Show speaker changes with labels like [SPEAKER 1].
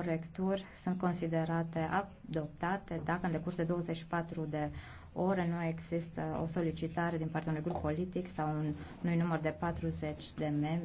[SPEAKER 1] corecturi sunt considerate adoptate dacă în decurs de 24 de ore nu există o solicitare din partea unui grup politic sau un, unui număr de
[SPEAKER 2] 40 de membri